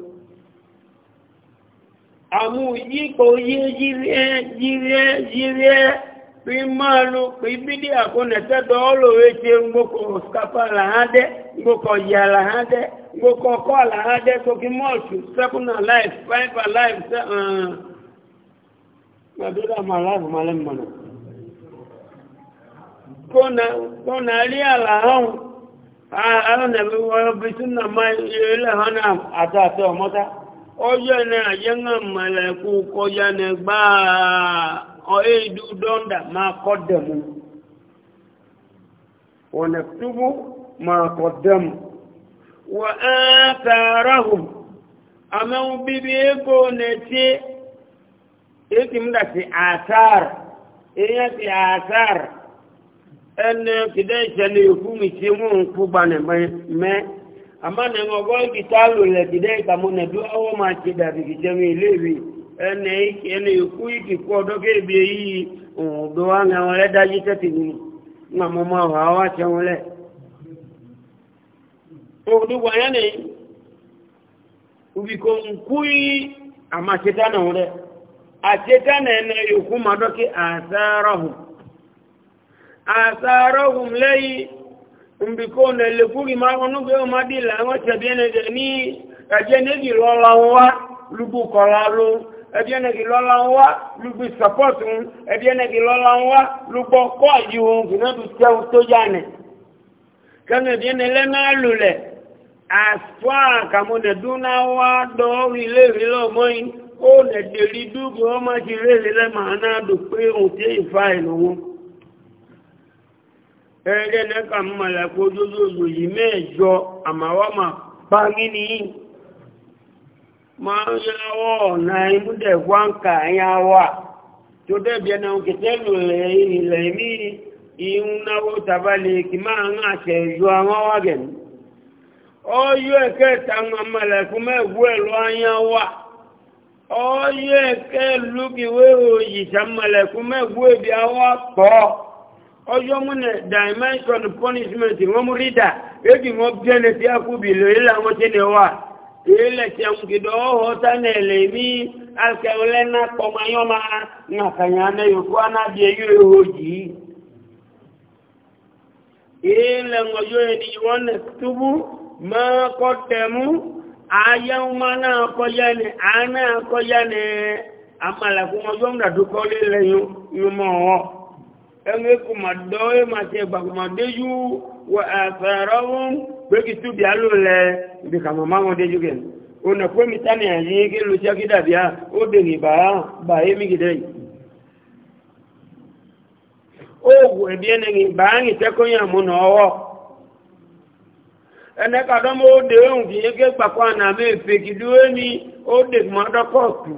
àmú yípo yí yíriẹ́ yíriẹ́ yíriẹ́ bí máa ló pé bídí àkónẹ̀tẹ́dọ̀ ọlọ́wé ṣe ń gbókò skapa làádẹ́ gbókò yà làádẹ́ gbókò ọkọ̀ làádẹ́ tókí mọ́ọ̀tù seven alive five alive gbàdúrà màláàrù malẹ́mọ̀nà kónà ọjọ́ ẹ̀nà àyẹ́ngà mọ̀lẹ̀kú kọjá ní gbáà ọ̀hẹ́ ìdú dọ́ndà máa kọ́ dẹ̀mú wọ̀nà túbú máa kọ́ dẹ̀mú wà á tààràhùn àmẹ́hùn bíbí égó nẹ̀tí èkì múdà sí àtàr èyàn sí àtàr ẹni kìdẹ́ ìṣẹ̀lẹ̀ ìkú mú ń kú gbanẹ̀ àmá nà ẹ̀mọ̀ ọgọ́ ìbí tá lò lẹ̀dìdẹ́ ìtàmọ́ nẹ̀dú ọwọ́ máa ti dàbí ìjẹun iléèwé ẹni ikú ìkìkú ọdọ́gẹ́ ibi èyí òǹdó wá ní àwọn ẹlẹ́dájú tẹ́tì nínú nígbà mọ́ máa wà wá ṣẹun lẹ̀ òǹdúgbà yẹn ni ubìkọ́ nkú yìí àmà ṣetánà rẹ̀ àṣetánà ẹ̀nà yòókù máa dọ́kẹ́ àṣàrọ̀hùn àṣàrọ̀hùn lẹ́yìn mbiko na elekuri maro nube o madila wọn tẹbi ẹnẹgẹ ní ẹjẹ nẹbi lọla wọn wá lùgbù kọla ló ẹbí ẹnẹgẹ lọla wọn wá lùgbù sọpọtù ẹbí ẹnẹgẹ lọla wọn wá lùgbọ kọ yìí ohun gbìnàdù tẹun tó jáne kẹnu ẹbí ẹnẹlẹ náà lulẹ àfọ àkàmúnẹdún náà wá dọwọ ilé ìrìlẹ ọmọ yìí ó nẹdẹrí dúgbò ọmọ ti rẹ ìrìlẹ màá náà dò pé òun tẹ ìfà ìlú wọn. ẹ̀rẹ́ ka mọ́lá kó lóòlò yìí mẹ́ẹ̀jọ àmàwọ́mà pàrí ní máa ń yáwọ́ ọ̀nà ìmúdẹ̀ wáǹkà yáwà tó dẹ̀bí ẹna òkètẹ́lù ilẹ̀ mí ìhun náwó tàbálẹ̀ kì máa ń àṣẹ ìjọ àwọn wágẹ̀mí ọyọ́ ẹ̀kẹ́ta mọ́lá kó mẹ́wọ́ ẹ̀lọ́ ayáwà ọyọ́ ẹ̀kẹ́ òyìṣà ẹ̀bí pọ̀ ọjọ́ múnẹ̀ dimension punishment wọ́n mú rídà èdè wọ́n bẹ́ẹ̀lẹ̀ tí a kú bí lò ilẹ̀ àwọn tí lè wà ilẹ̀ tí a mú kìdọ̀ ọ̀họ́ tánẹ̀lẹ̀ ní alkẹ̀ọ́lẹ́nà pọ̀mayọ́mà nàkànyà ní yòókù anábìyẹ yóò ihò yìí ilẹ̀ ọjọ́ ẹni wọ́n nẹ̀ túbú máa kọ́ tẹ̀mú ẹ̀wọ̀n kò mà dọ́ ẹ̀ mà ṣe gbàgbọ́ mà déjú wọ àfẹ́rọ́ wọn gbégi túbi àlò lẹ ibi kàmọ́ má wọn déjú kẹ́ ọ̀nà pé mi tani àyè kí ló ṣe kí dàbí à ó dèrè bá bá yé mi yìí. ẹni ní tẹ́kọ̀ mú nà ọwọ́ kàdọ́mọ́ ó dé kì í ké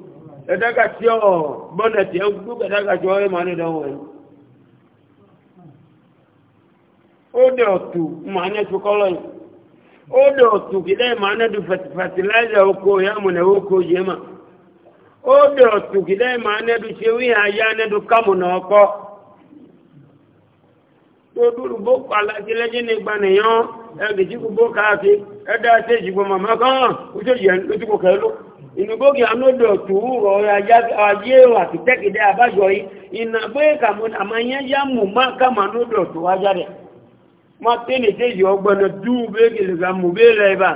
ẹ̀dága tí ọ̀ gbọ́dẹ̀ tí ẹ gbogbo ẹ̀dága tí ọ̀rẹ́ máa ní ìdánwò ẹ̀ ó dẹ̀ ọ̀tù máa ní ẹ̀tù kọ́lọ̀ yìí ó dẹ̀ ọ̀tù kìdẹ́ máa ní ẹ̀dù fẹ̀tìláìsà oko ìyàmùnẹ̀ oko yìí mà ó dẹ̀ ọ̀tù ní ẹ̀dù ṣe wí àyà ní ẹ̀dù ọkọ́ tó dúró bó bó káàkiri ẹ̀dá ìnùgbógi anódò tòwúrọ̀ ayé àti tẹ́kìdẹ́ àbájọ yìí ìnàgbé kàmún àmàyẹ́yà mú má kàmà anódò tó wájá rẹ̀ má tẹ́lẹ̀ tẹ́jì ọgbọ̀nà dúú bẹ́ẹ̀kì lè mú bẹ́ẹ̀ lẹ́ bá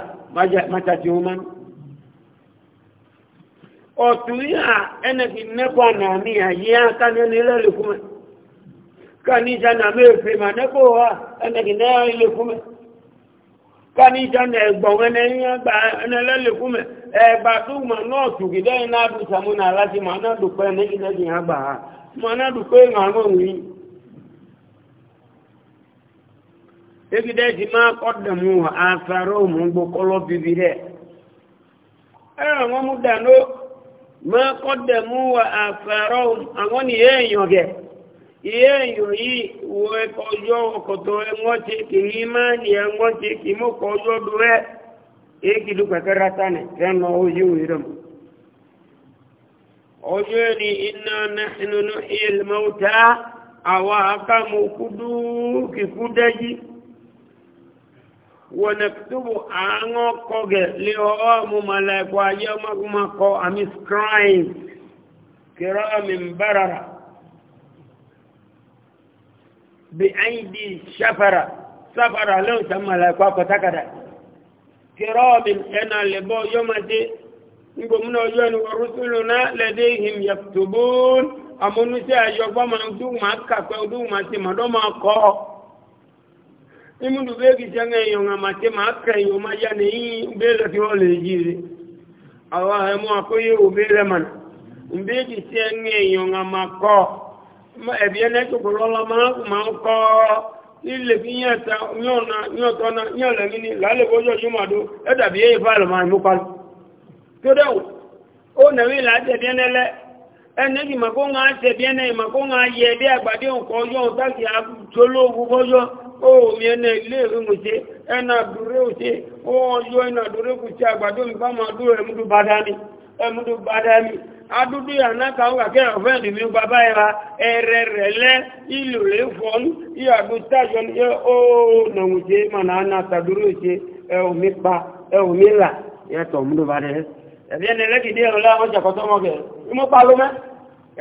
má tàti wọn mánú. ọ̀tún yà ẹnẹ́kì nẹ́kọ̀ àmì àyè àkànnẹ́ nílẹ̀ lè kúmẹ̀ kàní ìjànà mẹ́fẹ́ mà nẹ́kọ̀ ẹ̀bà tó mọ̀ náà tùgídẹ́ iná bí mụ láti mọ̀ náà agba ha ilẹ̀ jì hàn gbà á mọ̀ náà dùpẹ́ ìrànwọ́ wí. tẹ́gídẹ́ ti máa kọ́dàmú àfẹ́rọ́ òmùgbò kọ́lọ́ bíbí rẹ̀. ẹ̀rọ wọn mú dànù máa kọ́dàmú àfẹ́rọ́ àwọn nìyẹn èèyàn gẹ̀ iye èèyàn yìí o eki duka karatane kama huyu iram ojeni inna nahnu nuhyi almauta awaka mukudu kikudaji wanaktubu ango koge leo mu malaiku ayama kuma ko ami scribe kiramin barara bi aidi shafara safara leo tamala kwa kotakada كرام حين لبو يوم دي نقول من أجوان ورسولنا لديهم يكتبون أمون سي أجوبا من دون ما كاكو دون ما سي ما دون ما كو إمون دو بيكي سيانا يونا ما سي ما كي يوم جاني بيلا كي والي جيري الله يمو أكو يو بيلا من بيكي سيانا يونا ما كو ma ebi ene to ko lola ma ma ko ilé fi yẹn ta yẹn ọ̀nà yẹn ọ̀tọ́nà yẹn ọ̀lẹ́mí ni lálẹ́ bọ́jọ́ yóò máa dó ẹ̀dàbí yẹn ìfà lọ́mọ àìmú parí tó dẹ̀wò ó nàwí làátẹ̀bí ẹnẹ́lẹ́ ẹni kì mà kó ń hàn tẹ̀bí ẹnẹ́ mà kó ń hàn yẹ bí àgbàdé nǹkan ọjọ́ táàkì àtolóògùn bọ́jọ́ ó mi ẹnẹ́ ilé ìwé mi ṣe ẹnà àdúré ò ṣe ó ọjọ́ ẹnà àdúré kù ṣe àgbàdo mi bá máa dúró ẹmúdú bá dání ẹmúdú bá dání adúdú ànáka ọgbà kí ẹ̀rọ fẹ́ẹ̀lì mi bàbá ẹ̀ra ẹ̀rẹ̀ rẹ̀ lẹ́ ìlú rẹ̀ fọ́n ìyàgbó tájọ ní ooo nàwùjẹ́ mọ̀nà àná tàdúró ìṣe ẹ̀hùn mi pa ẹ̀hùn mi là yẹtọ̀ múlò bá rẹ̀ ẹ̀bí ẹni lẹ́kìdí ẹ̀rọ láwọn jàkọ́tọ́ mọ́ kẹ̀ ìmú pa ló mẹ́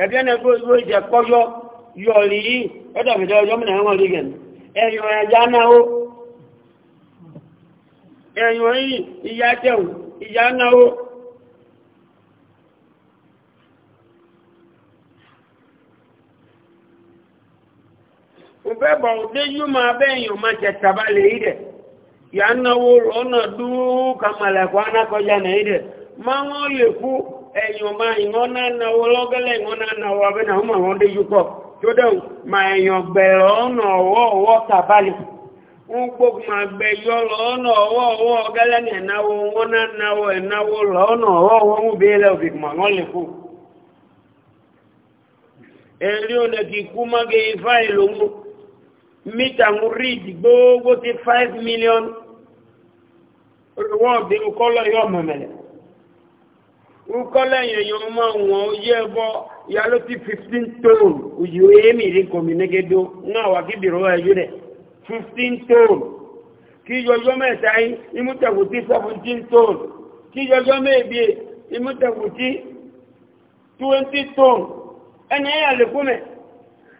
ẹ̀bí ẹni gbogbo ìjẹ kọ́yọ́ yọ̀ọ̀lì yìí ẹ̀dọ̀ mi dẹ́ ọjọ́ mi náà wọ́n rí gẹ̀ẹ́nì ẹ̀yọ̀ ẹ̀já náà ó ẹ̀yọ̀ yìí ìyá tẹ̀wù ìyá náà ó òfẹ́ bọ̀ òdé yóò máa bẹ́yìn ò máa tẹ̀tà bá lè yí dẹ̀ yà ń náwó ọ̀nà dúró kàmàlẹ̀kọ́ anákọjá nà yí dẹ̀ máa wọ́n lè kú ẹ̀yìn ọmọ ìwọ́n náà náwó lọ́gẹ́lẹ̀ ìwọ́n náà náwó abẹ́nà ọmọ àwọn ọdẹ yóò kọ̀ tó dẹ̀wò mà ẹ̀yàn gbẹ̀rẹ̀ ọ̀nà mítà ń rí gbogbo ti five million wọ́n bí ukọ́lọ̀ yọ mọ̀mẹ́lẹ̀ ukọ́lọ̀ yẹn yọ mọ́ wọn yẹ bọ́ yàrá ti fifteen ton òyì èémì rí kòmínégedo náà wà kí bìrọ̀ ẹ̀yọ́ rẹ̀ fifteen ton kí yọjọ́ mẹ́ta yín imútẹ̀kù ti seventeen ton kí yọjọ́ mẹ́bi imútẹ̀kù ti twenty ton ẹni ẹ̀yà lè kú mẹ́.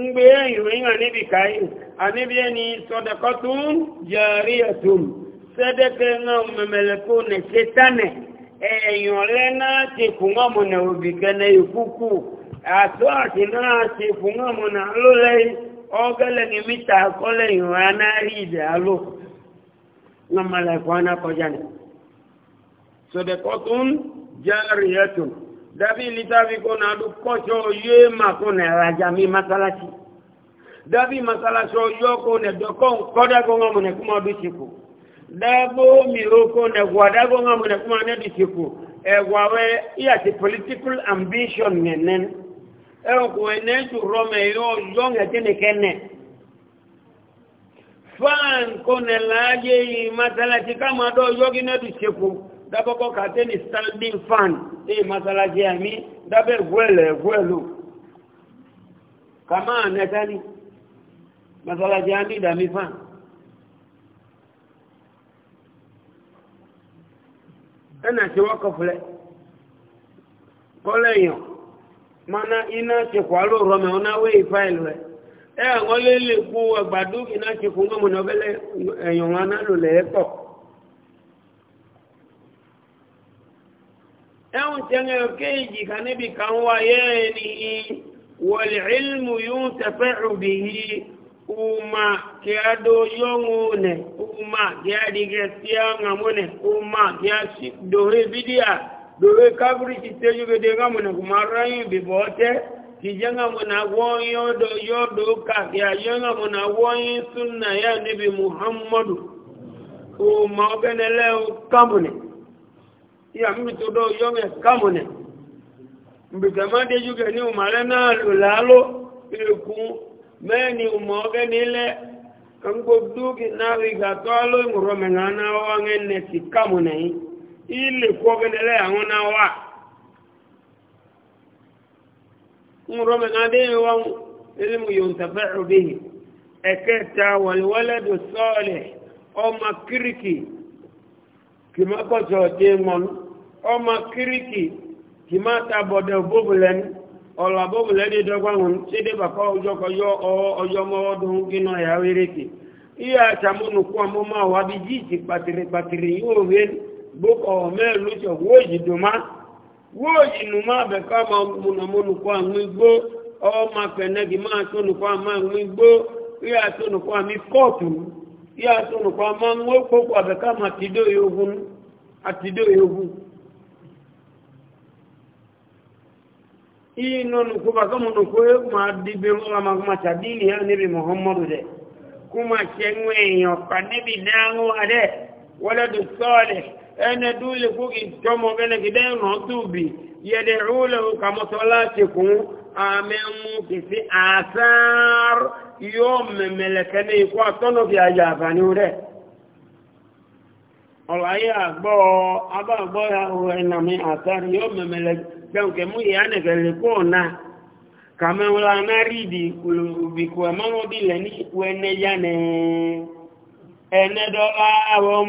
ngbe ìròyìn àníbì káyì àníbì ẹni sọdẹkọtún jẹrí ẹtùn sẹdẹkẹ ńlá mẹmẹlẹkọ nẹkẹ tánẹ ẹyàn lẹ náà ti fún ọmọ náà òbí kẹnẹ ìkúkú àtọ àti náà ti fún ọmọ náà lọlẹyìn ọgẹlẹ ní mítà kọlẹyìn wa náà rí ìdè dabi litafi ko na du kocho ye ma ko na raja mi masalasi dabi masalasi o yo ko ne do ko koda ko ngam ne kuma du siku dabo mi ro ko ne gwada e ko iya ti political ambition ne nen e ko ne tu rome yo yo fan ko laje masalasi kama do yo ne dabɔkɔ kate ni standing fan eye masalasi ami dabe vuele vuelu kama anɛtani masalasi ami dami fan. ɛna ti wɔkɔ filɛ kɔlɛ yɔ mana ina ti kɔ alo rɔmɛ ɔna wɛ ifa lɛ ɛ ɔlɛ le ku agbadu ina ti ku ŋɔmɔ na ɔbɛ lɛ ɛyɔ ŋana lo lɛ ɛkɔ. ẹ̀hún jẹ́ngẹ̀ kéèjì kan níbi kan wáyé ni wọ̀lẹ̀ílmù yóò tẹ̀fẹ́ òbí uma kí a dó yóò nẹ̀ uma kí a dìgẹ̀ sí àmàmú nẹ̀ uma kí a sì dòwe bídíà dòwe kábírì ti tẹ́jú gẹ́gẹ́ gámùnẹ̀ kò máa ráyìn bìbọ̀ tẹ́ kì jẹ́ngàmùnà wọ́n yóò dó kàkí a yẹ́ngàmùnà wọ́n yín súnnà yá níbi muhammadu uma ọgẹ́nẹ̀lẹ́ kámùnẹ̀ iya mimi to do yonge kamone mbika made juga ni umale na lalo iku meni umoge nile kango dugi na wiga tolo ne tikamone angona wa ngurome ngade wa ilmu e yuntafa'u bihi eketa wal walad salih kìmá kọ̀tọ̀ ọ̀dẹ́ mọ́nú ọmọ kíríkì kìmá tabọ̀dẹ̀ bóbulẹ́ni ọ̀là bóbulẹ́ni dọ́gbàwọn sídé bàbá ọjọ́ kọjọ́ ọjọ́ mọ́wọ́dún kínú ẹ̀yà wérékì iye àtàmúnukú ọmọ máa wà bí jíìtì pàtìrì pàtìrì yóò wé gbókọ̀ mẹ́rin lóṣọ̀ wóòjì dùnmá wóòjì nùmá bẹ̀ká ọmọ múnamúnukú àwọn igbó ọmọ akẹ́nẹ́gì máa tónukú àwọn igbó iye àtónukú àmì kóòtù ya so nukwa ma nwe kpokwu ka ma tido ya ogwu atido ya ogwu iyi no nukwu baka nukwu egwu ma dibe nwa ma kuma chadini ya nabi muhammadu na anwu ade wala du sole ene dule gị jomo gene gide amemu kisi asar yo memeleke ne iko atono bi aja afani re ola ye agbo aba agbo ya o na mi asar yo memeleke don ke mu ya ne gele ko na kama wala na ridi bi ko ma no bi le ni wene ya ne ene do a awo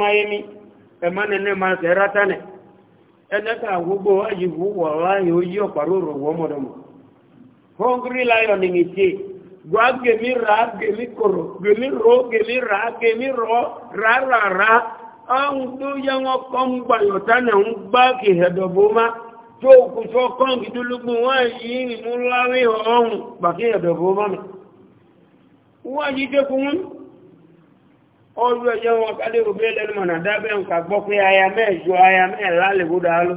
hungry lion ni ngiche gwa gemi ra gemi koro gemi ro gemi ra gemi ro ra ra ra ang du yang okom gba yota na un gba ki hedo boma to ku so kon ki dulugun wa yi ni mu lawe on gba ki hedo boma mi wa yi de kun ọdún ẹjọ́ wọn kálẹ̀ òbí ẹlẹ́nu mọ̀nà dábẹ́ nǹkan gbọ́ pé aya mẹ́ẹ̀jọ aya mẹ́ẹ̀lá lè gbódà lọ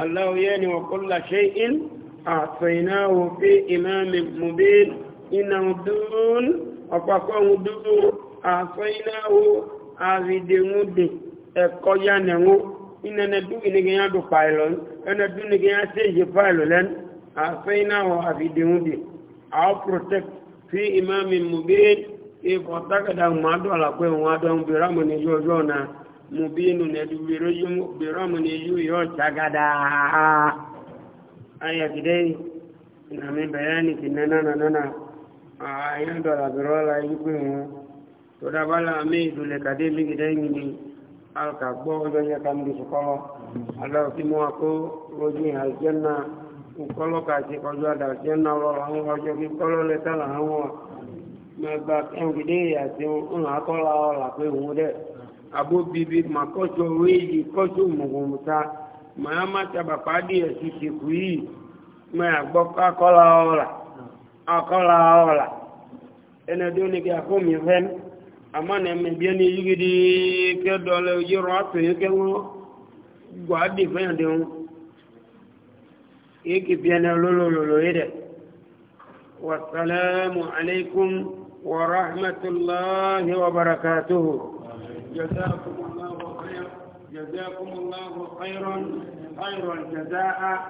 الله يعني وكل شيء أعطيناه في إمام مبين إنه دون أفقه دون أعطيناه أعزده أقيانه إننا دون نجيان دو فايلون أنا دون نجيان سيجي فايلون أعطيناه أعزده أو protect في إمام مبين إذا فقد ما دون لكم ما دون برامن يجوزونه mubinu nedu biro yumu biro muni yu yo chagada aya kidai na mi bayani kinana na nana aya ndo la biro la yiku to da bala mi dule kade mi kidai ni al ka bo do ya kam di sokolo ala ti mo ako roji al janna ukolo ka ti ko do da janna lo la ho jo ki kolo le ta la ma ba kan kidai ya ti un akolo la pe hu de abo bibi ma kɔjɔ weyi kɔjɔ mugunta ma ya ma ta bapa di ɛsi seku yi ma ya gbɔ akɔla ɔla akɔla ɔla ɛnɛ do ne ke akɔ mi fɛn ama ne mɛ bia ne yigidi kɛ dɔ le yɔrɔ ato yi kɛ ŋɔ gbɔ adi fɛn de ŋɔ yi ke bia ne lolololo yi dɛ wasalaamu aleykum wa rahmatulahi wa barakatuhu. جزاكم الله خير جزاكم الله خيرا خير الجزاء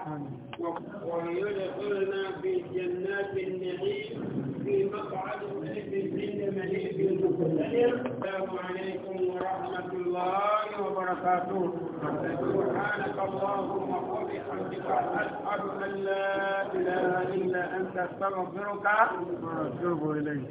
ويدخلنا في جنات النعيم في مقعد ملك عند مليك مقتدر السلام عليكم ورحمه الله وبركاته سبحانك اللهم وبحمدك اشهد ان لا اله الا انت استغفرك واتوب اليك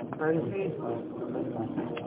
and